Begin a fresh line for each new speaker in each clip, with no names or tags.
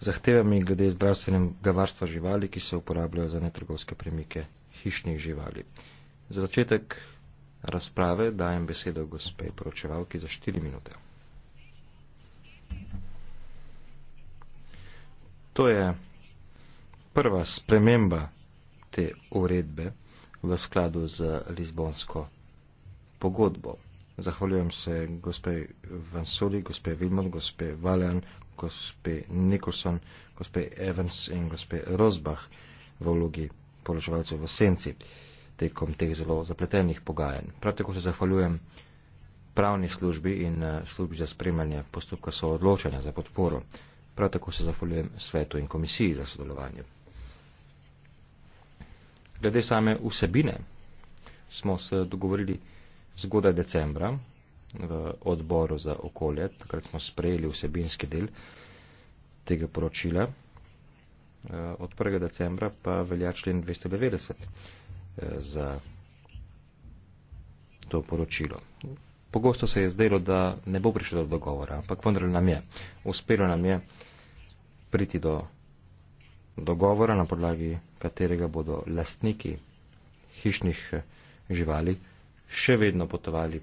zahtevami glede zdravstvenega varstva živali, ki se uporabljajo za netrgovske premike hišnih živali. Za začetek razprave dajem besedo gospe poročevalki za 4 minute. To je prva sprememba te uredbe v skladu z Lizbonsko pogodbo. Zahvaljujem se gospe Vansoli, gospe Vilmon, gospe Valjan, gospe Nikolson, gospe Evans in gospe Rosbach v vlogi poročevalcev v senci tekom teh zelo zapletenih pogajanj. Prav tako se zahvaljujem pravni službi in eh, službi za spremljanje postopka soodločanja za podporo. Prav tako se zahvaljujem svetu in komisiji za sodelovanje. Glede same vsebine smo se dogovorili zgodaj decembra v odboru za okolje, takrat smo sprejeli vsebinski del tega poročila. E, od 1. decembra pa velja člen 290 e, za to poročilo. Pogosto se je zdelo, da ne bo prišlo do dogovora, ampak vendar nam je. Uspelo nam je priti do dogovora, na podlagi katerega bodo lastniki hišnih e, živali še vedno potovali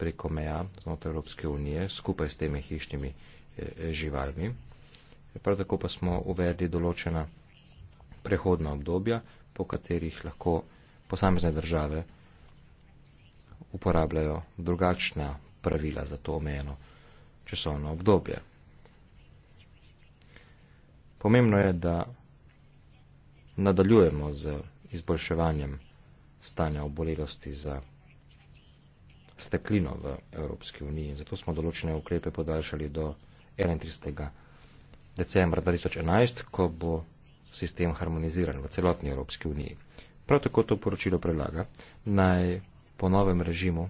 preko meja znotraj Evropske unije skupaj s temi hišnimi eh, eh, živalmi. Prav tako pa smo uvedli določena prehodna obdobja, po katerih lahko posamezne države uporabljajo drugačna pravila za to omejeno časovno obdobje. Pomembno je, da nadaljujemo z izboljševanjem stanja obolelosti za steklino v Evropski uniji. Zato smo določene ukrepe podaljšali do 31. decembra 2011, ko bo sistem harmoniziran v celotni Evropski uniji. Prav tako to poročilo predlaga, naj po novem režimu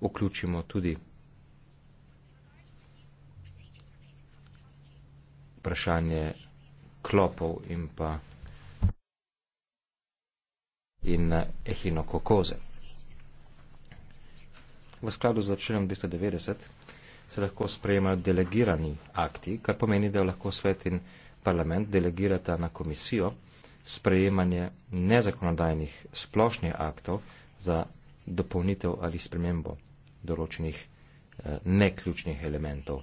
vključimo tudi vprašanje klopov in pa in eh, ehinokokoze v skladu z začeljem 290 se lahko sprejemajo delegirani akti, kar pomeni, da lahko svet in parlament delegirata na komisijo sprejemanje nezakonodajnih splošnih aktov za dopolnitev ali spremembo določenih eh, neključnih elementov.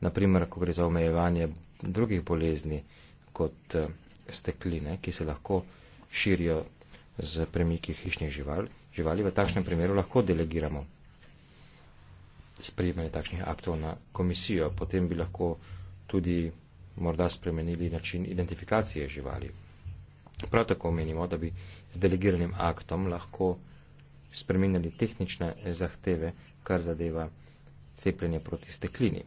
Naprimer, ko gre za omejevanje drugih bolezni kot eh, stekline, ki se lahko širijo z premiki hišnih živali, živali v takšnem primeru lahko delegiramo sprejemanje takšnih aktov na komisijo. Potem bi lahko tudi morda spremenili način identifikacije živali. Prav tako menimo, da bi z delegiranim aktom lahko spremenili tehnične zahteve, kar zadeva cepljenje proti steklini.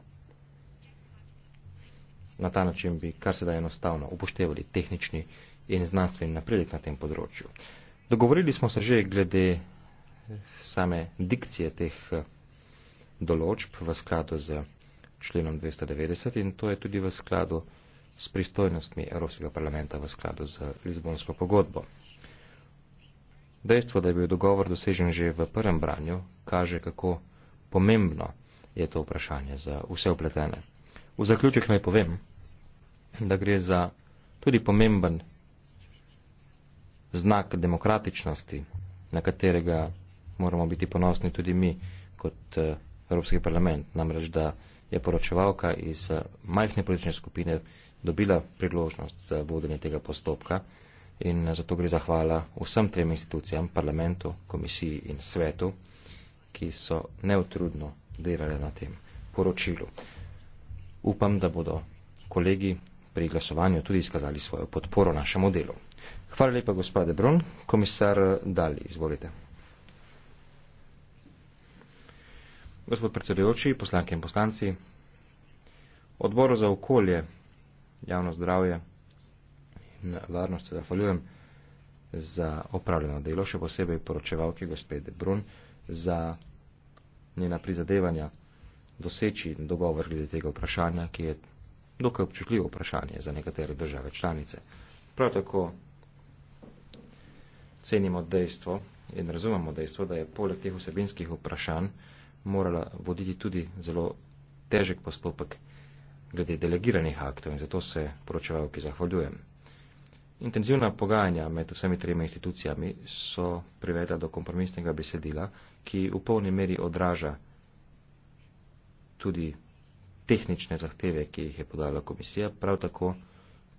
Na ta način bi kar se da enostavno upoštevali tehnični in znanstveni napredek na tem področju. Dogovorili smo se že glede same dikcije teh določb v skladu z členom 290 in to je tudi v skladu s pristojnostmi Evropskega parlamenta v skladu z Lizbonsko pogodbo. Dejstvo, da je bil dogovor dosežen že v prvem branju, kaže, kako pomembno je to vprašanje za vse upletene. V zaključek naj povem, da gre za tudi pomemben znak demokratičnosti, na katerega moramo biti ponosni tudi mi kot uh, Evropski parlament. Namreč, da je poročevalka iz eh, majhne politične skupine dobila priložnost za vodenje tega postopka in eh, zato gre zahvala vsem trem institucijam, parlamentu, komisiji in svetu, ki so neutrudno delali na tem poročilu. Upam, da bodo kolegi pri glasovanju tudi izkazali svojo podporo našemu delu. Hvala lepa, gospod Debron. Komisar Dali, izvolite. Gospod predsedujoči, poslanke in poslanci, odbor za okolje, javno zdravje in varnost se zahvaljujem za opravljeno delo, še posebej poročevalke gospede Brun, za njena prizadevanja doseči dogovor glede tega vprašanja, ki je dokaj občutljivo vprašanje za nekatere države članice. Prav tako cenimo dejstvo in razumemo dejstvo, da je poleg teh vsebinskih vprašanj morala voditi tudi zelo težek postopek glede delegiranih aktov in zato se poročevalki zahvaljujem. Intenzivna pogajanja med vsemi tremi institucijami so privedla do kompromisnega besedila, ki v polni meri odraža tudi tehnične zahteve, ki jih je podala komisija, prav tako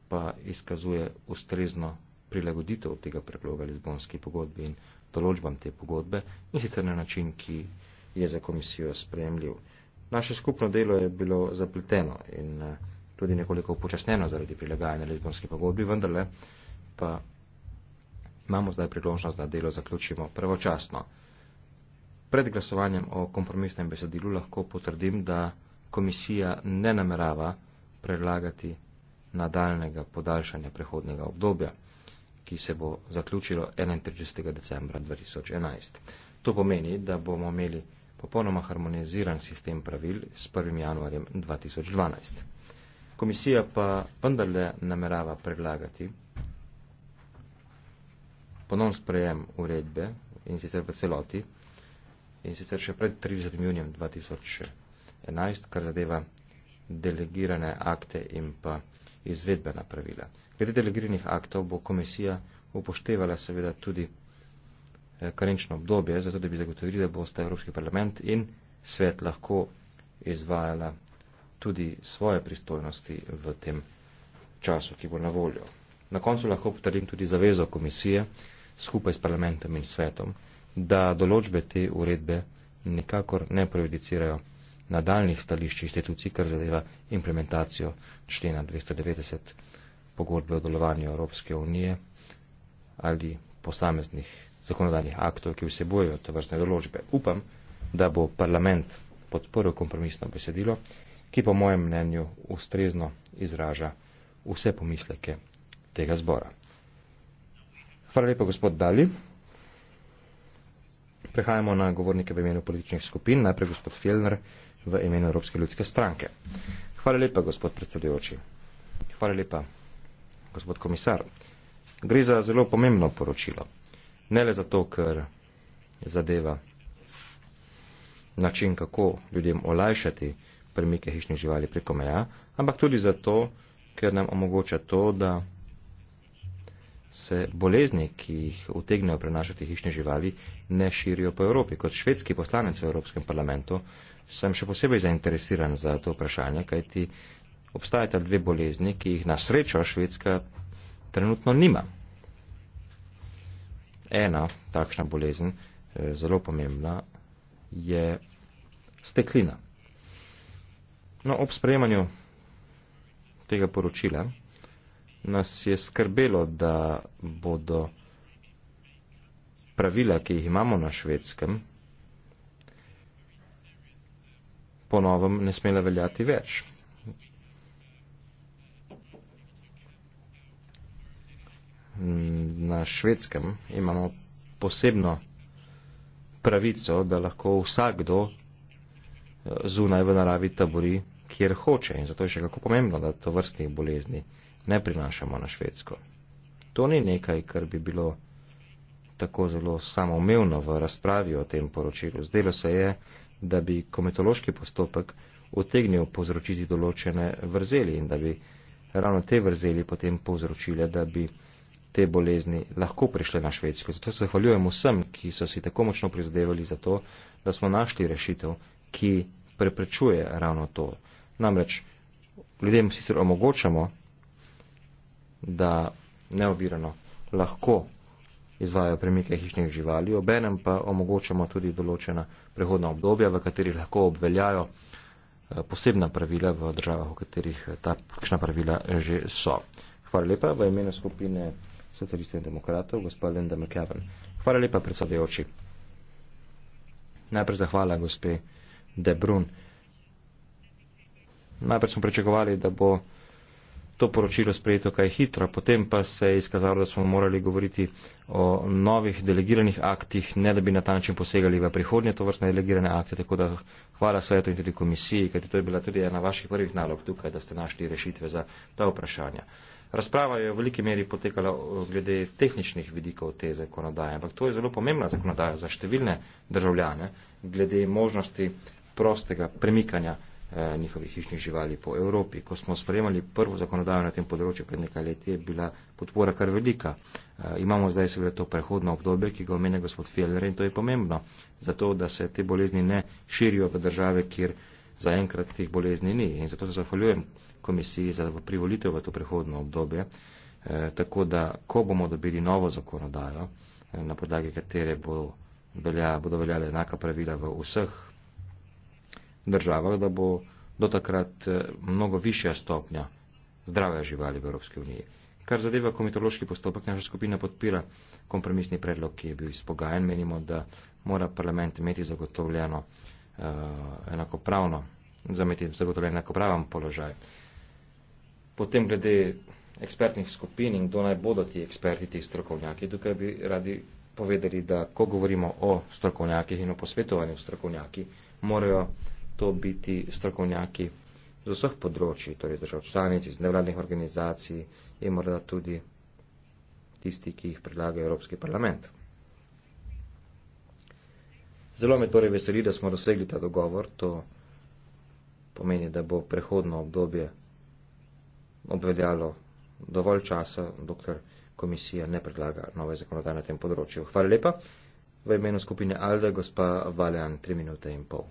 pa izkazuje ustrezno prilagoditev tega predloga Lizbonski pogodbi in določbam te pogodbe in sicer na način, ki je za komisijo sprejemljiv. Naše skupno delo je bilo zapleteno in eh, tudi nekoliko upočasneno zaradi prilagajanja Lizbonske pogodbi, vendarle pa imamo zdaj priložnost, da delo zaključimo pravočasno. Pred glasovanjem o kompromisnem besedilu lahko potrdim, da komisija ne namerava predlagati nadaljnega podaljšanja prehodnega obdobja, ki se bo zaključilo 31. decembra 2011. To pomeni, da bomo imeli popolnoma harmoniziran sistem pravil s 1. januarjem 2012. Komisija pa vendarle namerava predlagati ponovno sprejem uredbe in sicer v celoti in sicer še pred 30. junijem 2011, kar zadeva delegirane akte in pa izvedbena pravila. Glede delegiranih aktov bo komisija upoštevala seveda tudi Eh, karenčno obdobje, zato da bi zagotovili, da boste Evropski parlament in svet lahko izvajala tudi svoje pristojnosti v tem času, ki bo na voljo. Na koncu lahko potrdim tudi zavezo komisije skupaj s parlamentom in svetom, da določbe te uredbe nikakor ne prejudicirajo nadaljnih stališč institucij, kar zadeva implementacijo člena 290 pogodbe o delovanju Evropske unije ali posameznih zakonodajnih aktov, ki vsebojo to vrstne določbe. Upam, da bo parlament podporil kompromisno besedilo, ki po mojem mnenju ustrezno izraža vse pomisleke tega zbora. Hvala lepa, gospod Dali. Prehajamo na govornike v imenu političnih skupin. Najprej gospod Fjellner v imenu Evropske ljudske stranke. Hvala lepa, gospod predsedujoči. Hvala lepa, gospod komisar. Gre za zelo pomembno poročilo ne le zato, ker zadeva način, kako ljudem olajšati premike hišnih živali preko meja, ampak tudi zato, ker nam omogoča to, da se bolezni, ki jih utegnejo prenašati hišne živali, ne širijo po Evropi. Kot švedski poslanec v Evropskem parlamentu sem še posebej zainteresiran za to vprašanje, kajti obstajata dve bolezni, ki jih na srečo Švedska trenutno nima ena takšna bolezen, eh, zelo pomembna, je steklina. No, ob sprejemanju tega poročila nas je skrbelo, da bodo pravila, ki jih imamo na švedskem, ponovem ne smela veljati več. na švedskem imamo posebno pravico, da lahko vsakdo eh, zunaj v naravi tabori, kjer hoče. In zato je še kako pomembno, da to vrstnih bolezni ne prinašamo na švedsko. To ni nekaj, kar bi bilo tako zelo samoumevno v razpravi o tem poročilu. Zdelo se je, da bi kometološki postopek utegnil povzročiti določene vrzeli in da bi ravno te vrzeli potem povzročile, da bi te bolezni lahko prišle na Švedsko. Zato se zahvaljujem vsem, ki so si tako močno prizadevali za to, da smo našli rešitev, ki preprečuje ravno to. Namreč ljudem sicer omogočamo, da neovirano lahko izvajo premike hišnih živali, obenem pa omogočamo tudi določena prehodna obdobja, v katerih lahko obveljajo eh, posebna pravila v državah, v katerih eh, ta pravila že so. Hvala lepa v imenu skupine socialistov in demokratov, gospod Linda McCaven. Hvala lepa, predsedujoči. Najprej zahvala, gospe De Brun. Najprej smo pričakovali, da bo to poročilo sprejeto kaj hitro, potem pa se je izkazalo, da smo morali govoriti o novih delegiranih aktih, ne da bi na ta način posegali v prihodnje to vrstne delegirane akte, tako da hvala svetu in tudi komisiji, kajti to je bila tudi ena vaših prvih nalog tukaj, da ste našli rešitve za ta vprašanja. Razprava je v veliki meri potekala eh, glede tehničnih vidikov te zakonodaje, ampak to je zelo pomembna zakonodaja za številne državljane, glede možnosti prostega premikanja eh, njihovih hišnih živali po Evropi. Ko smo sprejemali prvo zakonodajo na tem področju pred nekaj leti, je bila podpora kar velika. Eh, imamo zdaj seveda to prehodno obdobje, ki ga omenja gospod Fjeller in to je pomembno, zato da se te bolezni ne širijo v države, kjer. Eh, zaenkrat teh bolezni ni. In zato se zahvaljujem komisiji za privolitev v to prehodno obdobje, eh, tako da, ko bomo dobili novo zakonodajo, eh, na podlagi katere bo velja, bodo veljale enaka pravila v vseh državah, da bo do takrat eh, mnogo višja stopnja zdrave živali v Evropski uniji. Kar zadeva komitološki postopek, naša skupina podpira kompromisni predlog, ki je bil izpogajen. Menimo, da mora parlament imeti zagotovljeno eh, uh, enakopravno, zameti zagotovljen enakopraven položaj. Potem glede ekspertnih skupin in kdo naj bodo ti eksperti, ti strokovnjaki, tukaj bi radi povedali, da ko govorimo o strokovnjakih in o posvetovanju strokovnjaki, morajo to biti strokovnjaki z vseh področji, torej držav članic, iz nevladnih organizacij in morda tudi tisti, ki jih predlaga Evropski parlament. Zelo me torej veseli, da smo dosegli ta dogovor. To pomeni, da bo prehodno obdobje obveljalo dovolj časa, dokler komisija ne predlaga nove zakonodaje na tem področju. Hvala lepa. V imenu skupine Alde, gospa Valjan, tri minute in pol.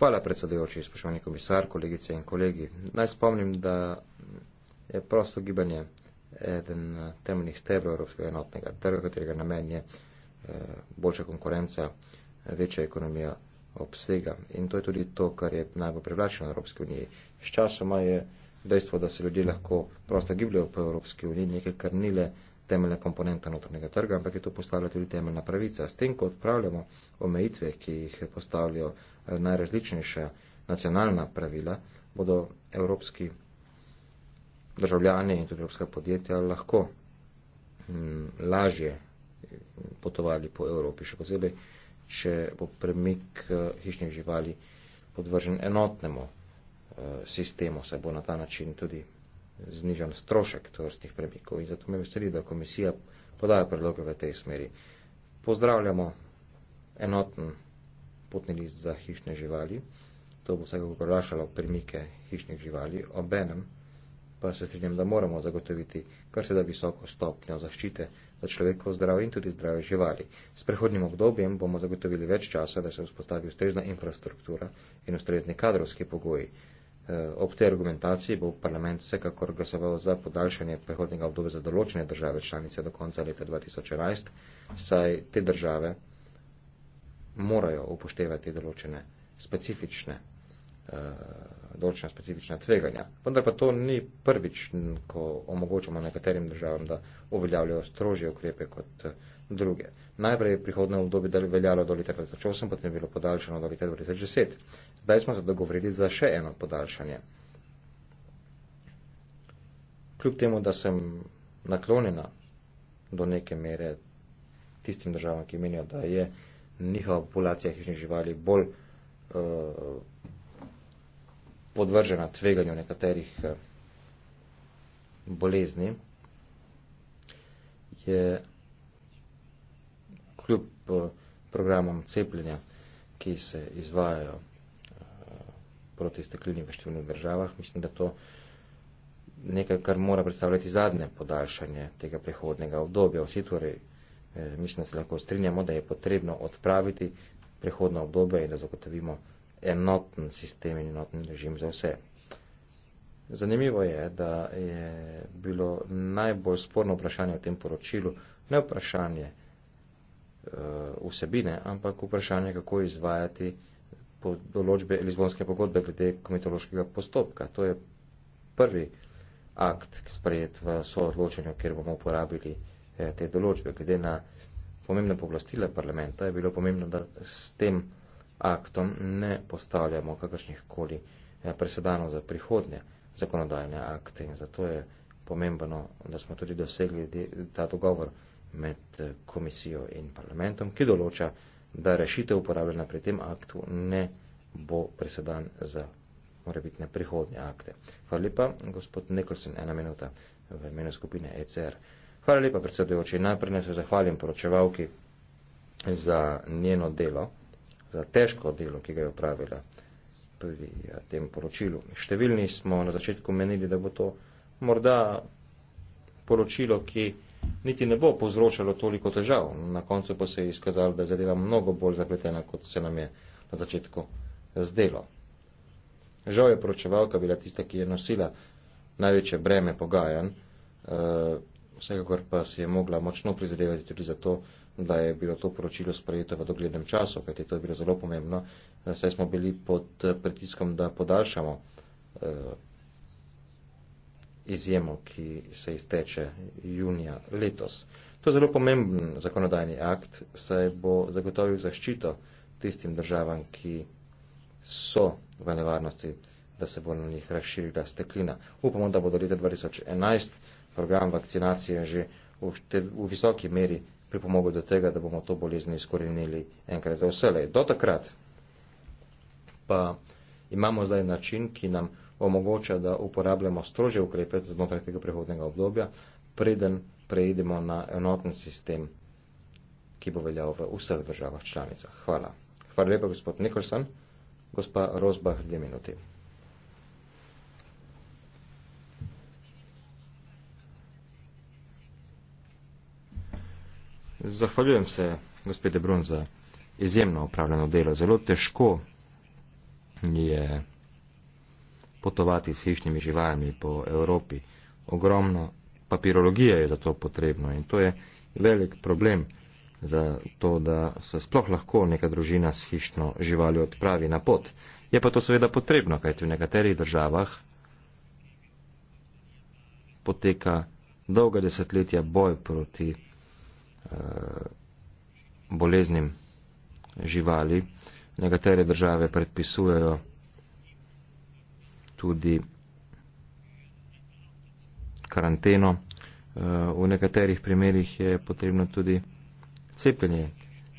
Hvala predsedujoči, spoštovani komisar, kolegice in kolegi. Naj spomnim, da je prosto gibanje eden eh, temeljnih stebrov Evropskega enotnega trga, katerega namen je eh, boljša konkurenca, večja ekonomija obsega. In to je tudi to, kar je najbolj privlačno na Evropski uniji. Sčasoma je dejstvo, da se ljudje lahko prosto gibljajo po Evropski uniji, nekaj, kar ni le temeljna komponenta notranjega trga, ampak je to postavila tudi temeljna pravica. S tem, ko odpravljamo omejitve, ki jih postavljajo eh, najrazličnejša nacionalna pravila, bodo evropski državljani in tudi evropska podjetja lahko m, mm, lažje potovali po Evropi, še posebej, če bo premik eh, hišnih živali podvržen enotnemu e, sistemu, saj bo na ta način tudi znižan strošek tovrstnih premikov. In zato me veseli, da komisija podaja predloge v tej smeri. Pozdravljamo enoten potni list za hišne živali. To bo vsekakor lašalo premike hišnih živali. Obenem, pa se strinjam, da moramo zagotoviti kar se da visoko stopnjo zaščite za človekov zdrav in tudi zdrave živali. S prehodnim obdobjem bomo zagotovili več časa, da se vzpostavi ustrezna infrastruktura in ustrezni kadrovski pogoji. Eh, ob tej argumentaciji bo parlament vsekakor glasoval za podaljšanje prehodnega obdobja za določene države članice do konca leta 2011, saj te države morajo upoštevati določene specifične uh, določena specifična tveganja. Vendar pa to ni prvič, ko omogočamo nekaterim državam, da uveljavljajo strožje ukrepe kot eh, druge. Najprej je prihodno obdobje veljalo do leta 2008, potem je bilo podaljšano do leta 2010. Zdaj smo se dogovorili za še eno podaljšanje. Kljub temu, da sem naklonjena do neke mere tistim državam, ki menijo, da je njihova populacija hišnih živali bolj uh, podvržena tveganju nekaterih eh, bolezni, je kljub eh, programom cepljenja, ki se izvajajo eh, proti steklini v številnih državah, mislim, da to nekaj, kar mora predstavljati zadnje podaljšanje tega prehodnega obdobja. Vsi torej, mislim, da se lahko strinjamo, da je potrebno odpraviti prehodno obdobje in da zagotovimo enoten sistem in enoten režim za vse. Zanimivo je, da je bilo najbolj sporno vprašanje v tem poročilu ne vprašanje uh, vsebine, ampak vprašanje, kako izvajati določbe Lizbonske pogodbe glede komitološkega postopka. To je prvi akt sprejet v soodločenju, kjer bomo uporabili eh, te določbe. Glede na pomembne poblastile parlamenta je bilo pomembno, da s tem aktom ne postavljamo kakršnih koli eh, presedanov za prihodnje zakonodajne akte in zato je pomembno, da smo tudi dosegli ta dogovor med eh, komisijo in parlamentom, ki določa, da rešitev uporabljena pri tem aktu ne bo presedan za mora biti na prihodnje akte. Hvala lepa, gospod Nikolsen, ena minuta v imenu skupine ECR. Hvala lepa, predsedujoči. Najprej ne se zahvalim poročevalki za njeno delo za težko delo, ki ga je upravila pri eh, tem poročilu. Številni smo na začetku menili, da bo to morda poročilo, ki niti ne bo povzročalo toliko težav. Na koncu pa se je izkazalo, da je zadeva mnogo bolj zapletena, kot se nam je na začetku zdelo. Žal je poročevalka bila tista, ki je nosila največje breme pogajanj, eh, vsekakor pa si je mogla močno prizadevati tudi za to, da je bilo to poročilo sprejeto v doglednem času, kajte to je bilo zelo pomembno. Vse eh, smo bili pod eh, pritiskom, da podaljšamo eh, izjemo, ki se izteče junija letos. To je zelo pomemben zakonodajni akt, saj bo zagotovil zaščito tistim državam, ki so v nevarnosti, da se bo na njih razširila steklina. Upamo, da bo do leta 2011 program vakcinacije že v, štev, v visoki meri pripomogel do tega, da bomo to bolezen izkorenili enkrat za vselej. Do takrat pa imamo zdaj način, ki nam omogoča, da uporabljamo strože ukrepe znotraj tega prihodnega obdobja, preden preidemo na enoten sistem, ki bo veljal v vseh državah članicah. Hvala. Hvala lepa, gospod Nikolson. Gospa Rozbah, dve minuti. Zahvaljujem se, gospede Brun, za izjemno upravljeno delo. Zelo težko je potovati s hišnimi živalmi po Evropi. Ogromno papirologije je za to potrebno in to je velik problem za to, da se sploh lahko neka družina s hišno živaljo odpravi na pot. Je pa to seveda potrebno, kajti v nekaterih državah poteka dolga desetletja boj proti Eh, boleznim živali. Nekatere države predpisujejo tudi karanteno. Eh, v nekaterih primerih je potrebno tudi cepljenje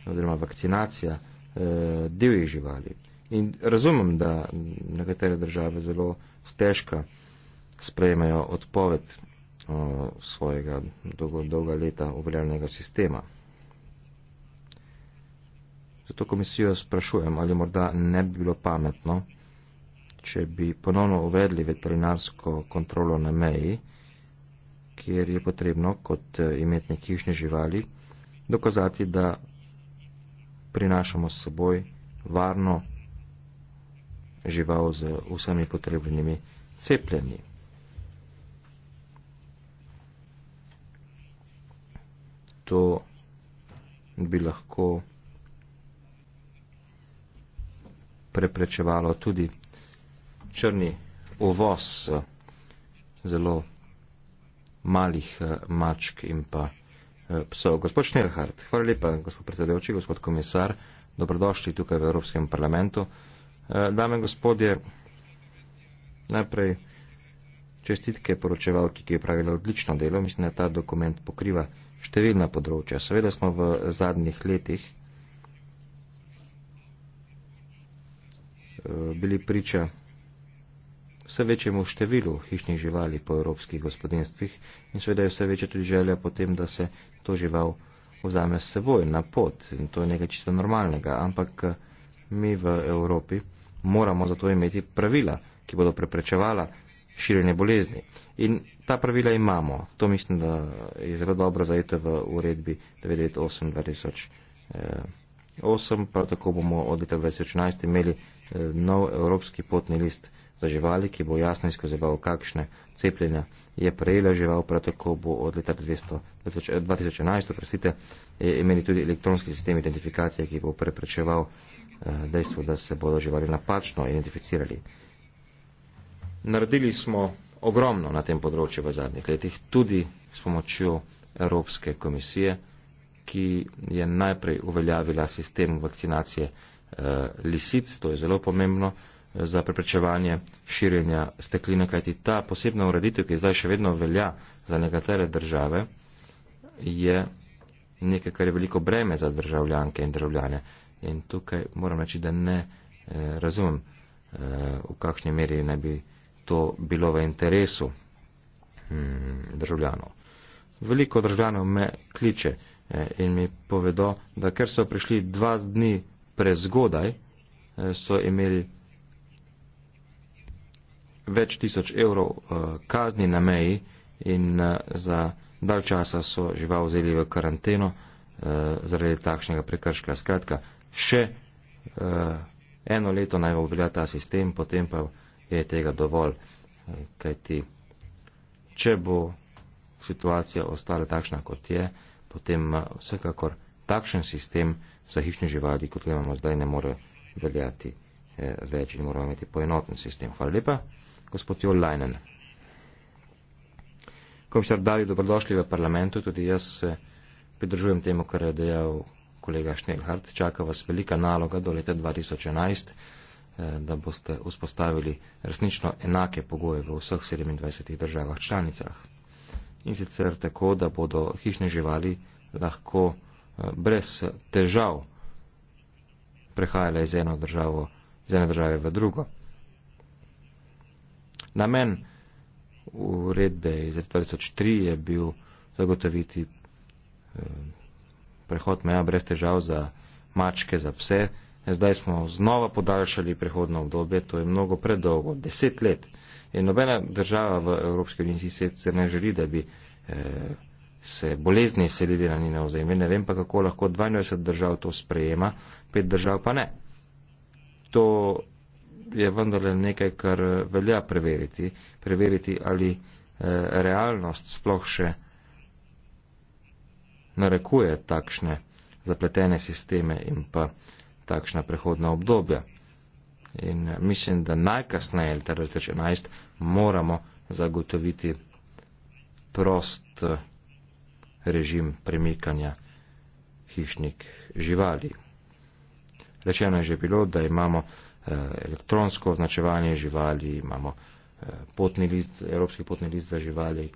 oziroma vakcinacija eh, divjih živali. In razumem, da nekatere države zelo stežka sprejmejo odpoved svojega dolgo, dolga leta uveljavljenega sistema. Zato komisijo sprašujem, ali morda ne bi bilo pametno, če bi ponovno uvedli veterinarsko kontrolo na meji, kjer je potrebno kot e, imetni hišni živali dokazati, da prinašamo s seboj varno žival z vsemi potrebnimi cepljenji. to bi lahko preprečevalo tudi črni uvoz eh, zelo malih eh, mačk in pa eh, psov. Gospod Šnelhard, hvala lepa, gospod predsedujoči, gospod komisar, dobrodošli tukaj v Evropskem parlamentu. Dame in gospodje, najprej čestitke poročevalki, ki je pravila odlično delo. Mislim, da ta dokument pokriva številna področja. Seveda smo v zadnjih letih eh, bili priča vse večjemu številu hišnih živali po evropskih gospodinstvih in seveda je vse večja tudi želja potem, da se to žival vzame s seboj na pot in to je nekaj čisto normalnega, ampak eh, mi v Evropi moramo zato imeti pravila, ki bodo preprečevala širjenje bolezni. In ta pravila imamo. To mislim, da je zelo dobro zajeto v uredbi 98-2008. Eh, Prav tako bomo od leta 2011 imeli eh, nov evropski potni list za živali, ki bo jasno izkazoval, kakšne cepljenja je prejela žival. Prav tako bo od leta 200, 2011 oprostite, eh, imeli tudi elektronski sistem identifikacije, ki bo preprečeval dejstvo, da se bodo živali napačno identificirali. Naredili smo ogromno na tem področju v zadnjih letih, tudi s pomočjo Evropske komisije, ki je najprej uveljavila sistem vakcinacije eh, lisic, to je zelo pomembno eh, za preprečevanje širjenja stekline, kajti ta posebna ureditev, ki zdaj še vedno velja za nekatere države, je nekaj, kar je veliko breme za državljanke in državljane. In tukaj moram reči, da ne eh, razumem, eh, v kakšni meri naj bi to bilo v interesu hmm, državljanov. Veliko državljanov me kliče eh, in mi povedo, da ker so prišli dva dni prezgodaj, eh, so imeli več tisoč evrov eh, kazni na meji in eh, za dalj časa so žival vzeli v karanteno eh, zaradi takšnega prekrška. Skratka, še eh, eno leto naj obvelja ta sistem, potem pa. Eh, je tega dovolj, kajti če bo situacija ostala takšna, kot je, potem eh, vsekakor takšen sistem za hišne živali, kot ga imamo zdaj, ne more veljati eh, več in moramo imeti poenoten sistem. Hvala lepa, gospod Jolajnen. Komisar Dali, dobrodošli v parlamentu, tudi jaz se pridržujem temu, kar je dejal kolega Šnelhart. Čaka vas velika naloga do leta 2011. Eh, da boste vzpostavili resnično enake pogoje v vseh 27 državah članicah. In sicer tako, da bodo hišne živali lahko eh, brez težav prehajale iz, eno državo, iz ene države v drugo. Namen uredbe iz 2003 je bil zagotoviti eh, prehod meja brez težav za mačke, za vse, zdaj smo znova podaljšali prehodno obdobje, to je mnogo predolgo, deset let. In nobena država v Evropski uniji si se ne želi, da bi eh, se bolezni selili na njene ozemlje. Ne vem pa, kako lahko 22 držav to sprejema, pet držav pa ne. To je vendarle nekaj, kar velja preveriti. Preveriti, ali eh, realnost sploh še narekuje takšne zapletene sisteme in pa eh, takšna prehodna obdobja. In eh, mislim, da najkasneje, leta 2011, moramo zagotoviti prost eh, režim premikanja hišnik živali. Rečeno je že bilo, da imamo eh, elektronsko označevanje živali, imamo potni list, evropski potni list za živali.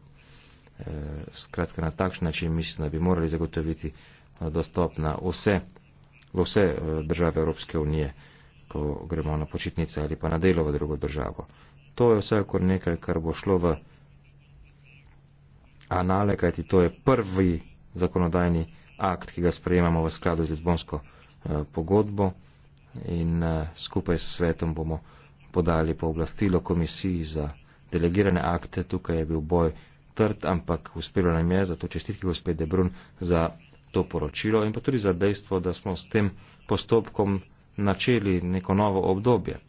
Skratka, na takšen način mislim, da bi morali zagotoviti dostop na vse v vse eh, države Evropske unije, ko gremo na počitnice ali pa na delo v drugo državo. To je vse kot nekaj, kar bo šlo v anale, kajti to je prvi zakonodajni akt, ki ga sprejemamo v skladu z Lizbonsko eh, pogodbo in eh, skupaj s svetom bomo podali pooblastilo komisiji za delegirane akte. Tukaj je bil boj trd, ampak uspelo nam je, zato čestitke gospe Debrun za to poročilo in pa tudi za dejstvo, da smo s tem postopkom načeli neko novo obdobje.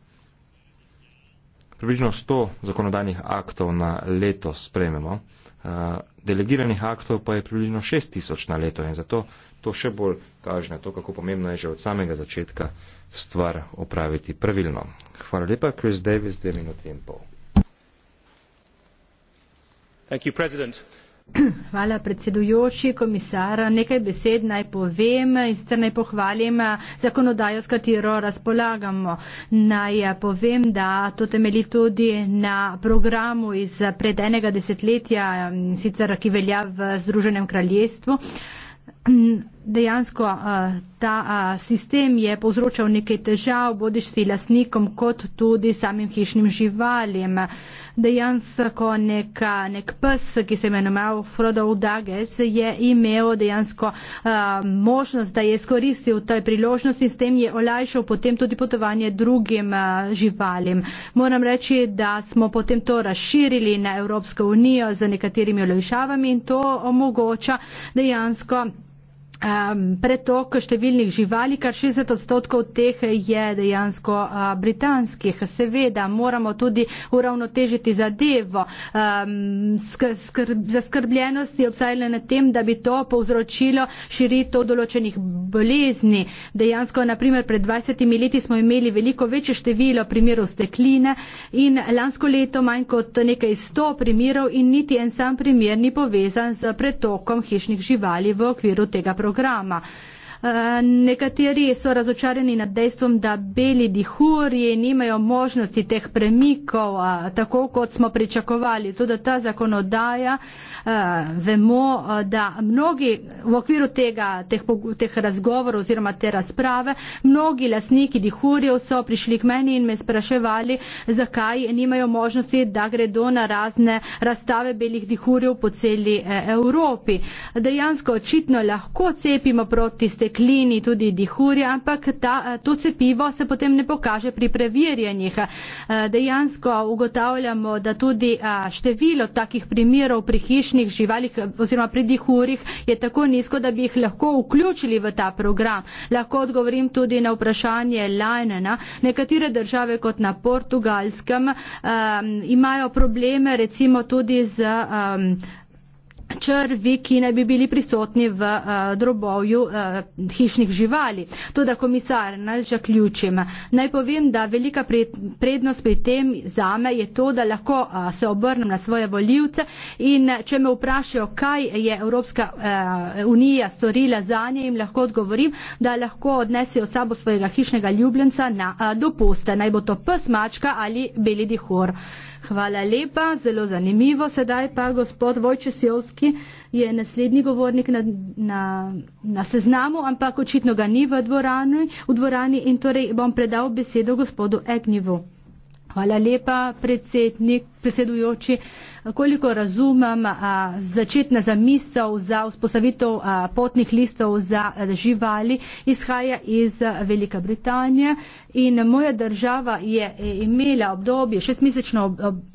Približno 100 zakonodajnih aktov na leto sprememo, eh, delegiranih aktov pa je približno 6000 na leto in zato to še bolj kaže na to, kako pomembno je že od samega začetka stvar opraviti pravilno. Hvala lepa, Chris Davis, dve minuti in pol. Thank you, President.
Hvala, predsedujoči, komisar. Nekaj besed naj povem in sicer naj pohvalim zakonodajo, s katero razpolagamo. Naj povem, da to temeli tudi na programu iz pred enega desetletja, sicer ki velja v Združenem kraljestvu dejansko ta sistem je povzročal nekaj težav, bodiš si lasnikom, kot tudi samim hišnim živalim. Dejansko nek, nek pes, ki se imenoval Frodo Dages, je imel dejansko možnost, da je izkoristil ta priložnost in s tem je olajšal potem tudi potovanje drugim živalim. Moram reči, da smo potem to razširili na Evropsko unijo z nekaterimi olajšavami in to omogoča dejansko um, pretok številnih živali, kar 60 odstotkov teh je dejansko uh, britanskih. Seveda moramo tudi uravnotežiti zadevo. Um, Zaskrbljenost je obstajala na tem, da bi to povzročilo širitev določenih bolezni. Dejansko, naprimer, pred 20 leti smo imeli veliko večje število primerov stekline in lansko leto manj kot nekaj 100 primerov in niti en sam primer ni povezan z pretokom hišnih živali v okviru tega programa programa Eh, nekateri so razočarani nad dejstvom, da beli dihurji nimajo možnosti teh premikov, tako kot smo pričakovali. Tudi ta zakonodaja, eh, vemo, eh, da mnogi v okviru tega, teh, teh razgovorov oziroma te razprave, mnogi lasniki dihurjev so prišli k meni in me spraševali, zakaj nimajo možnosti, da gredo na razne razstave belih dihurjev po celi Evropi. Dejansko očitno lahko cepimo proti stekleničnosti steklini tudi dihurja, ampak ta, to cepivo se potem ne pokaže pri preverjanjih. Eh, dejansko ugotavljamo, da tudi eh, število takih primerov pri hišnih živalih oziroma pri dihurjih je tako nizko, da bi jih lahko vključili v ta program. Lahko odgovorim tudi na vprašanje Lajnena. Nekatere države kot na Portugalskem um, imajo probleme recimo tudi z. Um, črvi, ki naj bi bili prisotni v uh, drobovju uh, hišnih živali. Tudi komisar, naj zaključim. Naj povem, da velika prednost pri tem zame je to, da lahko uh, se obrnem na svoje voljivce in če me vprašajo, kaj je Evropska uh, unija storila za nje, jim lahko odgovorim, da lahko odnesijo sabo svojega hišnega ljubljenca na uh, dopuste, naj bo to pes, mačka ali beli dihor. Hvala lepa, zelo zanimivo. Sedaj pa gospod Vojčesjovski je naslednji govornik na, na, na seznamu, ampak očitno ga ni v dvorani, v dvorani in torej bom predal besedo gospodu Egnivu. Hvala lepa, predsednik, predsedujoči. Koliko razumem, začetna zamisel za vzpostavitev potnih listov za živali izhaja iz Velike Britanije in moja država je e, imela obdobje, šestmesečno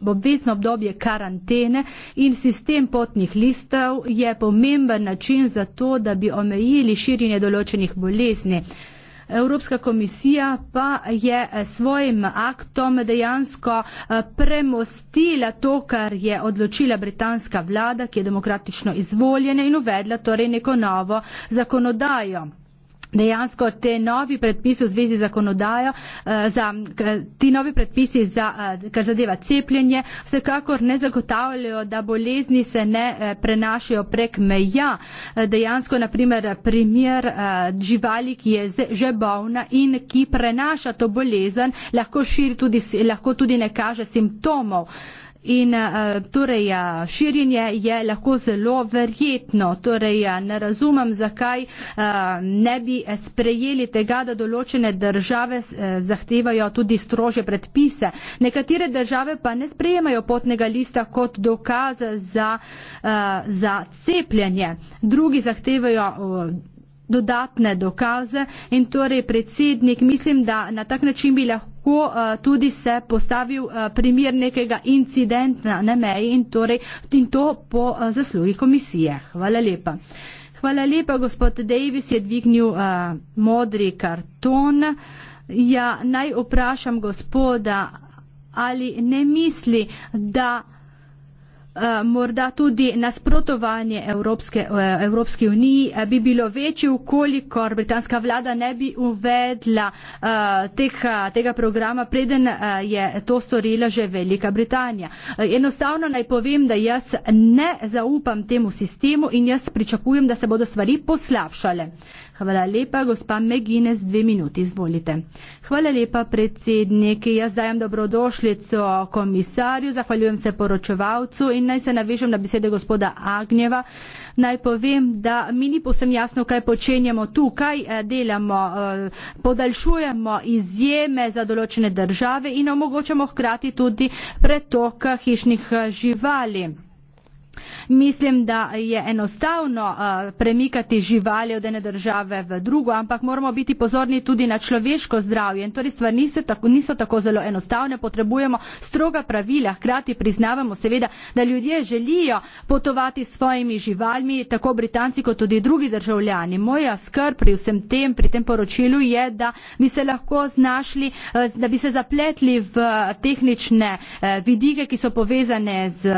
obvezno obdobje karantene in sistem potnih listov je pomemben način za to, da bi omejili širjenje določenih bolezni. Evropska komisija pa je eh, svojim aktom dejansko eh, premostila to, kar je odločila britanska vlada, ki je demokratično izvoljena in uvedla torej neko novo zakonodajo dejansko te novi predpisi v zvezi z zakonodajo, eh, za, ti novi predpisi, za, eh, kar zadeva cepljenje, vsekakor ne zagotavljajo, da bolezni se ne eh, prenašajo prek meja. Dejansko, naprimer, primer živali, ki je že bolna in ki prenaša to bolezen, lahko, tudi, lahko tudi ne kaže simptomov. In eh, torej ja, širjenje je lahko zelo verjetno. Torej ja, ne razumem, zakaj eh, ne bi sprejeli tega, da določene države eh, zahtevajo tudi strože predpise. Nekatere države pa ne sprejemajo potnega lista kot dokaz za, za cepljenje. Drugi zahtevajo dodatne dokaze in torej predsednik, mislim, da na tak način bi lahko lahko uh, tudi se postavil uh, primer nekega incidenta na meji in, torej, in to po uh, zaslugi komisije. Hvala lepa. Hvala lepa, gospod Davis je dvignil uh, modri karton. Ja, naj vprašam gospoda, ali ne misli, da. Eh, morda tudi nasprotovanje Evropske, eh, Evropske unije eh, bi bilo večje, ukolikor britanska vlada ne bi uvedla teh, tega programa, preden je to storila že Velika Britanija. Enostavno naj povem, da jaz ne zaupam temu sistemu in jaz pričakujem, da se bodo stvari poslavšale. Hvala lepa, gospa Megines, dve minuti, izvolite. Hvala lepa, predsednik. Jaz dajem dobrodošljico komisarju, zahvaljujem se poročevalcu in naj se navežem na besede gospoda Agneva. Naj povem, da mi ni posem jasno, kaj počenjamo tu, kaj eh, delamo. Eh, podaljšujemo izjeme za določene države in omogočamo hkrati tudi pretok hišnih eh, živali. Mislim, da je enostavno eh, premikati živali od ene države v drugo, ampak moramo biti pozorni tudi na človeško zdravje. In torej stvari niso tako, niso tako zelo enostavne, potrebujemo stroga pravila. Hkrati priznavamo seveda, da ljudje želijo potovati s svojimi živalmi, tako Britanci kot tudi drugi državljani. Moja skrb pri vsem tem, pri tem poročilu je, da bi se lahko znašli, eh, da bi se zapletli v tehnične eh, vidike, ki so povezane z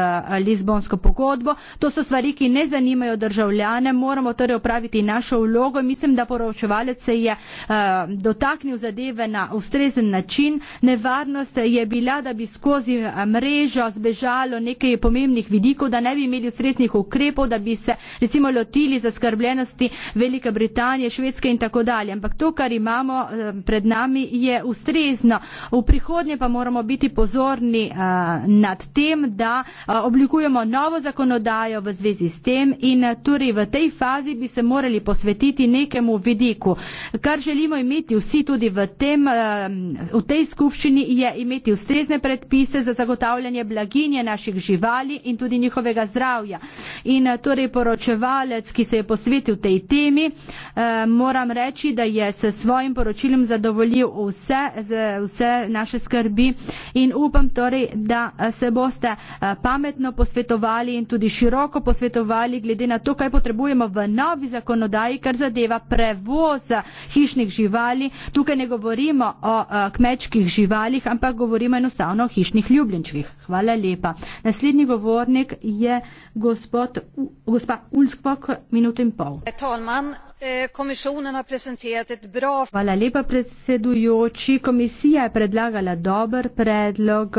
Lizbonsko pogodbo zgodbo, to so stvari, ki ne zanimajo državljane, moramo torej opraviti našo vlogo in mislim, da poročevalec se je uh, dotaknil zadeve na ustrezen način. Nevarnost je bila, da bi skozi eh, mrežo zbežalo nekaj pomembnih vidikov, da ne bi imeli ustreznih ukrepov, da bi se recimo lotili zaskrbljenosti Velike Britanije, Švedske in tako dalje. Ampak to, kar imamo uh, pred nami, je ustrezno. V prihodnje pa moramo biti pozorni uh, nad tem, da uh, oblikujemo novo zakonodajo, zakonodajo v zvezi s tem in eh, torej v tej fazi bi se morali posvetiti nekemu vidiku. Kar želimo imeti vsi tudi v, tem, eh, v tej skupščini je imeti ustrezne predpise za zagotavljanje blaginje naših živali in tudi njihovega zdravja. In eh, torej poročevalec, ki se je posvetil tej temi, moram reči, da je s svojim poročilom zadovoljil vse, vse naše skrbi in upam torej, da se boste pametno posvetovali in tudi široko posvetovali glede na to, kaj potrebujemo v novi zakonodaji, kar zadeva prevoz hišnih živali. Tukaj ne govorimo o kmečkih živalih, ampak govorimo enostavno o hišnih ljubljenčkih. Hvala lepa. Naslednji govornik je gospod, gospa Ulskvok, minuto in pol. Herr Tolman, Eh, Hvala lepa, predsedujoči. Komisija je predlagala dober predlog,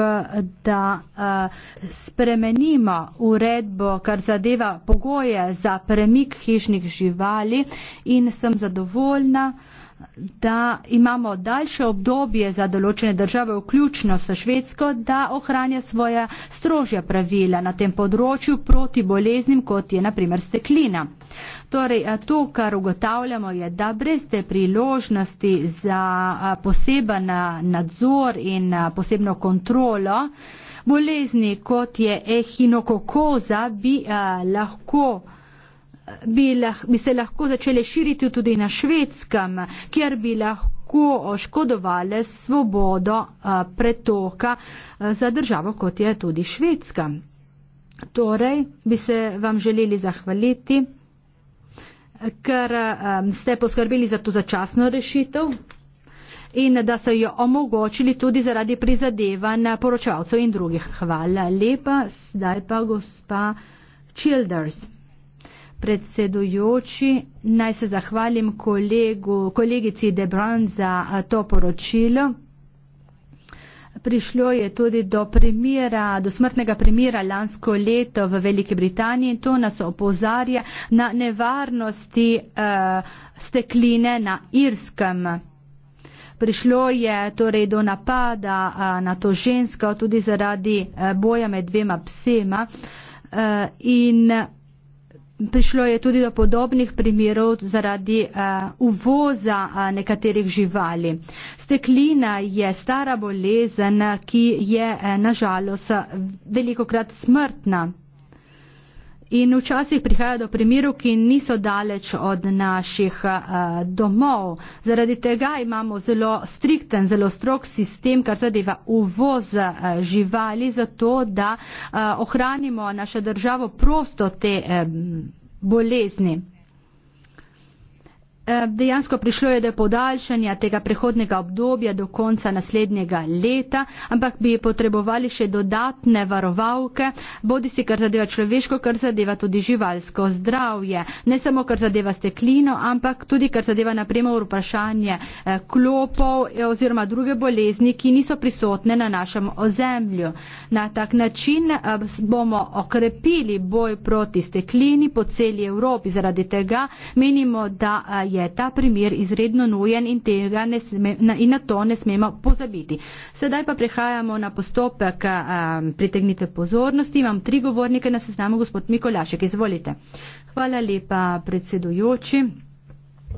da eh, spremenimo uredbo, kar zadeva pogoje za premik hišnih živali in sem zadovoljna, da da imamo daljše obdobje za določene države, vključno s Švedsko, da ohranja svoja strožja pravila na tem področju proti boleznim, kot je naprimer steklina. Torej, to, kar ugotavljamo, je, da brez te priložnosti za poseben nadzor in posebno kontrolo bolezni, kot je ehinokokoza, bi a, lahko bi, bi se lahko začele širiti tudi na švedskem, kjer bi lahko oškodovale svobodo eh, pretoka eh, za državo, kot je tudi švedska. Torej, bi se vam želeli zahvaliti, ker eh, ste poskrbeli za to začasno rešitev in da so jo omogočili tudi zaradi prizadevanj poročevalcev in drugih. Hvala lepa, zdaj pa gospa Childers predsedujoči, naj se zahvalim kolegu, kolegici Debron za to poročilo. Prišlo je tudi do primera, do smrtnega primera lansko leto v Veliki Britaniji in to nas opozarja na nevarnosti uh, stekline na Irskem. Prišlo je torej do napada uh, na to žensko tudi zaradi uh, boja med dvema psema uh, in uh, prišlo je tudi do podobnih primerov zaradi uh, uvoza uh, nekaterih živali. Steklina je stara bolezen, ki je uh, eh, nažalost velikokrat smrtna. In včasih prihaja do primerov, ki niso daleč od naših uh, domov. Zaradi tega imamo zelo strikten, zelo strok sistem, kar zadeva uvoz uh, živali, zato da uh, ohranimo našo državo prosto te um, bolezni dejansko prišlo je do podaljšanja tega prehodnega obdobja do konca naslednjega leta, ampak bi potrebovali še dodatne varovalke, bodi si kar zadeva človeško, kar zadeva tudi živalsko zdravje. Ne samo kar zadeva steklino, ampak tudi kar zadeva naprimer vprašanje eh, klopov eh, oziroma druge bolezni, ki niso prisotne na našem ozemlju. Na tak način eh, bomo okrepili boj proti steklini po celi Evropi. Zaradi tega menimo, da je je ta primer izredno nujen in, tega ne sme, na, in na to ne smemo pozabiti. Sedaj pa prehajamo na postopek um, pritegnitve pozornosti. Imam tri govornike na seznamu, gospod Mikolašek. Izvolite. Hvala lepa, predsedujoči.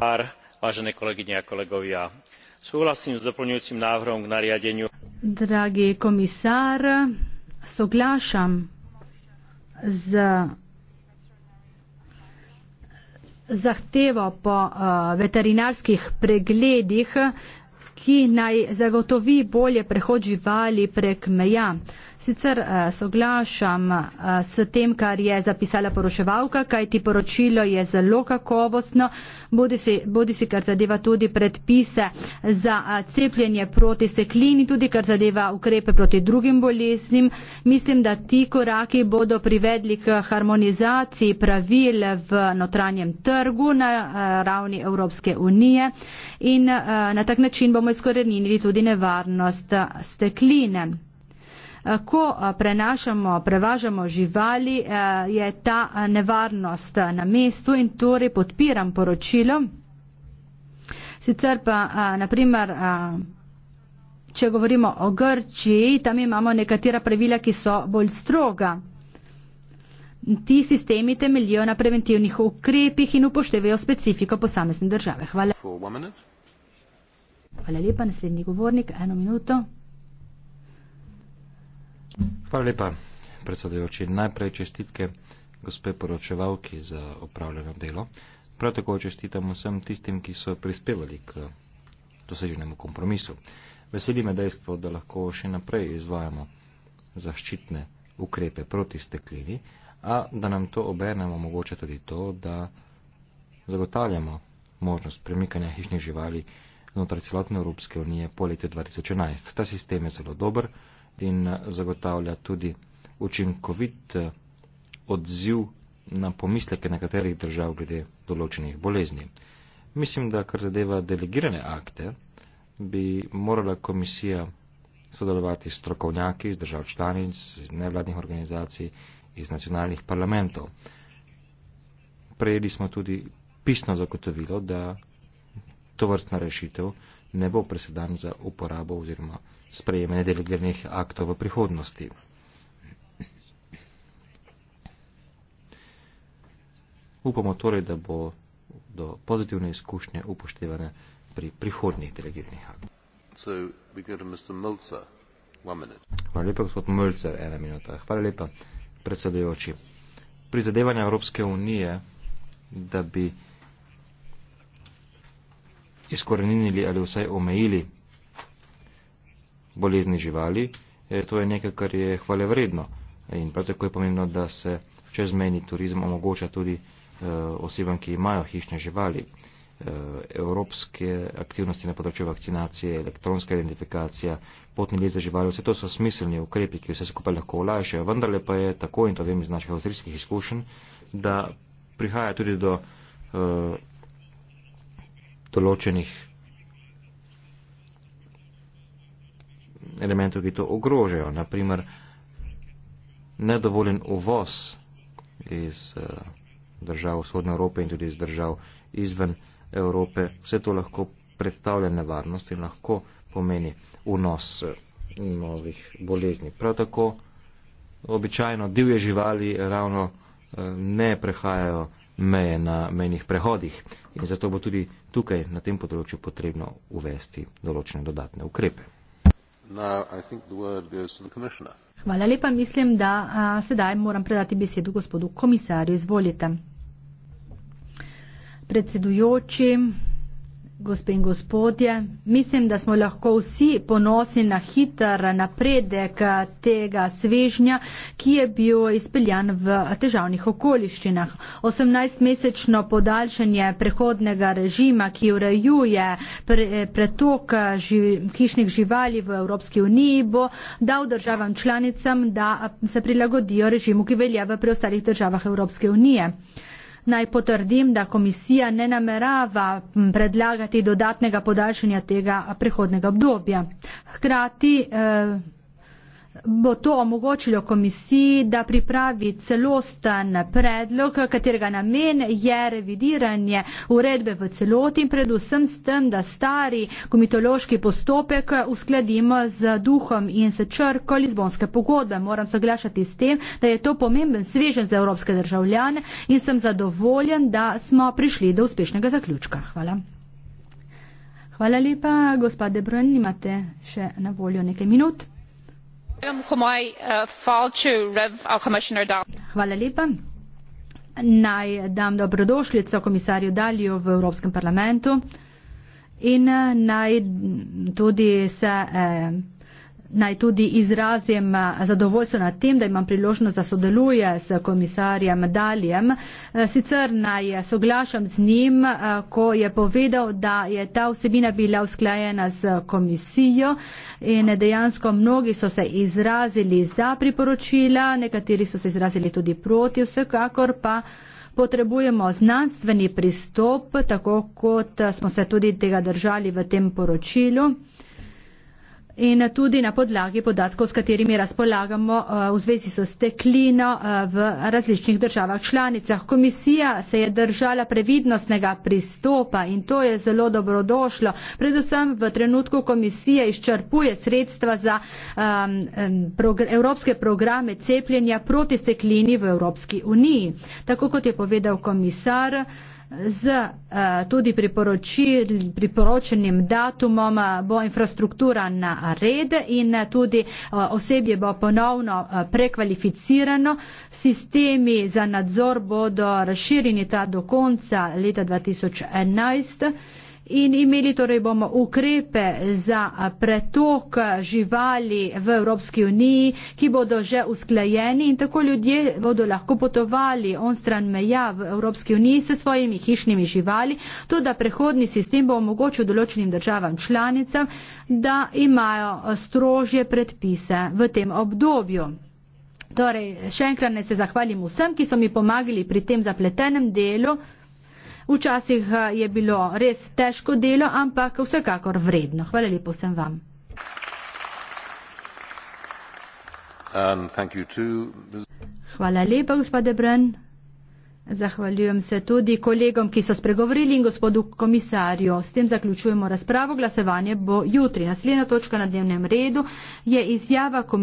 Par, važene kolegine in kolegovja. Soglasim z dopolnjujočim navrhom k narjadenju.
Dragi komisar, soglašam z zahtevo po uh, veterinarskih pregledih, ki naj zagotovi bolje prehod živali prek meja. Sicer eh, soglašam eh, s tem, kar je zapisala poroševalka, kaj ti poročilo je zelo kakovostno, bodi si, bodi si kar zadeva tudi predpise za eh, cepljenje proti steklini, tudi kar zadeva ukrepe proti drugim boleznim. Mislim, da ti koraki bodo privedli k harmonizaciji pravil v notranjem trgu na eh, ravni Evropske unije in eh, na tak način bomo izkorenili tudi nevarnost eh, stekline. Eh, ko eh, prenašamo, prevažamo živali, eh, je ta nevarnost na mestu in torej podpiram poročilo. Sicer pa, naprimer, če govorimo o Grčiji, tam imamo nekatera pravila, ki so bolj stroga. Ti sistemi temeljijo na preventivnih ukrepih in upoštevajo specifiko posamezne države. Hvala. Hvala lepa, naslednji govornik, eno minuto.
Hvala lepa, predsedujoči. Najprej čestitke gospe poročevalki za opravljeno delo. Prav tako čestitam vsem tistim, ki so prispevali k doseženemu kompromisu. Veseli me dejstvo, da lahko še naprej izvajamo zaščitne ukrepe proti steklini, a da nam to obenemo mogoče tudi to, da zagotavljamo možnost premikanja hišnih živali znotraj celotne Evropske unije po letu 2011. Ta sistem je zelo dober in eh, zagotavlja tudi učinkovit eh, odziv na pomisleke nekaterih držav glede določenih bolezni. Mislim, da kar zadeva delegirane akte, bi morala komisija sodelovati s strokovnjaki iz držav članic, iz nevladnih organizacij, iz nacionalnih parlamentov. Prejeli smo tudi pisno zagotovilo, da to vrstna rešitev ne bo presedan za uporabo oziroma sprejemanje delegiranih aktov v prihodnosti. Upamo torej, da bo do pozitivne izkušnje upoštevane pri prihodnih delegiranih aktov. Hvala lepa, gospod Mölzer, ena minuta. Hvala lepa, predsedujoči. Prizadevanja Evropske unije, da bi izkoreninili ali vsaj omejili bolezni živali, e, to je nekaj, kar je hvale vredno. In prav tako je pomembno, da se čezmejni turizem omogoča tudi e, osebam, ki imajo hišne živali. E, evropske aktivnosti na področju vakcinacije, elektronska identifikacija, potni list za živali, vse to so smiselni ukrepi, ki vse skupaj lahko olajšajo, vendar pa je tako, in to vem iz naših avstrijskih izkušenj, da prihaja tudi do uh, določenih elementov, ki to ogrožajo. Naprimer, nedovoljen uvoz iz eh, držav vzhodne Evrope in tudi iz držav izven Evrope, vse to lahko predstavlja nevarnost in lahko pomeni unos eh, novih bolezni. Prav tako, običajno divje živali ravno eh, ne prehajajo meje na mejnih prehodih in zato bo tudi tukaj na tem področju potrebno uvesti določene dodatne ukrepe.
Hvala lepa, mislim, da a, sedaj moram predati besedo gospodu komisarju. Izvolite. Predsedujoči, Gospe in gospodje, mislim, da smo lahko vsi ponosni na hiter napredek eh, tega svežnja, ki je bil izpeljan v težavnih okoliščinah. 18-mesečno podaljšanje prehodnega režima, ki urejuje eh, pretok eh, hišnih živali v Evropski uniji, bo dal državam članicam, da se prilagodijo režimu, ki velja v preostalih državah Evropske unije. Naj potrdim, da komisija ne namerava predlagati dodatnega podaljšanja tega prehodnega obdobja. Hkrati eh, bo to omogočilo komisiji, da pripravi celosten predlog, katerega namen je revidiranje uredbe v celoti in predvsem s tem, da stari komitološki postopek uskladimo z duhom in se črko Lizbonske pogodbe. Moram se oglašati s tem, da je to pomemben svežen za evropske državljane in sem zadovoljen, da smo prišli do uspešnega zaključka. Hvala. Hvala lepa, gospod Debrun, imate še na voljo nekaj minut. Hvala lepa. Naj dam dobrodošljico komisarju Dalju v Evropskem parlamentu in eh, naj tudi se eh, naj tudi izrazim eh, zadovoljstvo nad tem, da imam priložnost, da sodeluje s komisarjem Daljem. Eh, sicer naj soglašam z njim, eh, ko je povedal, da je ta vsebina bila usklajena z komisijo in dejansko mnogi so se izrazili za priporočila, nekateri so se izrazili tudi proti, vsekakor pa. Potrebujemo znanstveni pristop, tako kot smo se tudi tega držali v tem poročilu. In tudi na podlagi podatkov, s katerimi razpolagamo eh, v zvezi s steklino eh, v različnih državah članicah. Komisija se je držala previdnostnega pristopa in to je zelo dobrodošlo. Predvsem v trenutku komisija izčrpuje sredstva za um, progr evropske programe cepljenja proti steklini v Evropski uniji. Tako kot je povedal komisar, z uh, tudi priporočenim datumom uh, bo infrastruktura na red in uh, tudi uh, osebje bo ponovno uh, prekvalificirano. Sistemi za nadzor bodo razširjeni ta do konca leta 2011. In imeli torej bomo ukrepe za pretok živali v Evropski uniji, ki bodo že usklajeni in tako ljudje bodo lahko potovali on stran meja v Evropski uniji s svojimi hišnimi živali. To, da prehodni sistem bo omogočil določenim državam članicam, da imajo strožje predpise v tem obdobju. Torej, še enkrat ne se zahvalim vsem, ki so mi pomagali pri tem zapletenem delu. Včasih eh, je bilo res težko delo, ampak vsekakor vredno. Hvala lepo vsem vam. Um, Hvala lepa, gospod Debren. Zahvaljujem se tudi kolegom, ki so spregovorili in gospodu komisarju. S tem zaključujemo razpravo. Glasevanje bo jutri. Naslednja točka na dnevnem redu je izjava komisarja.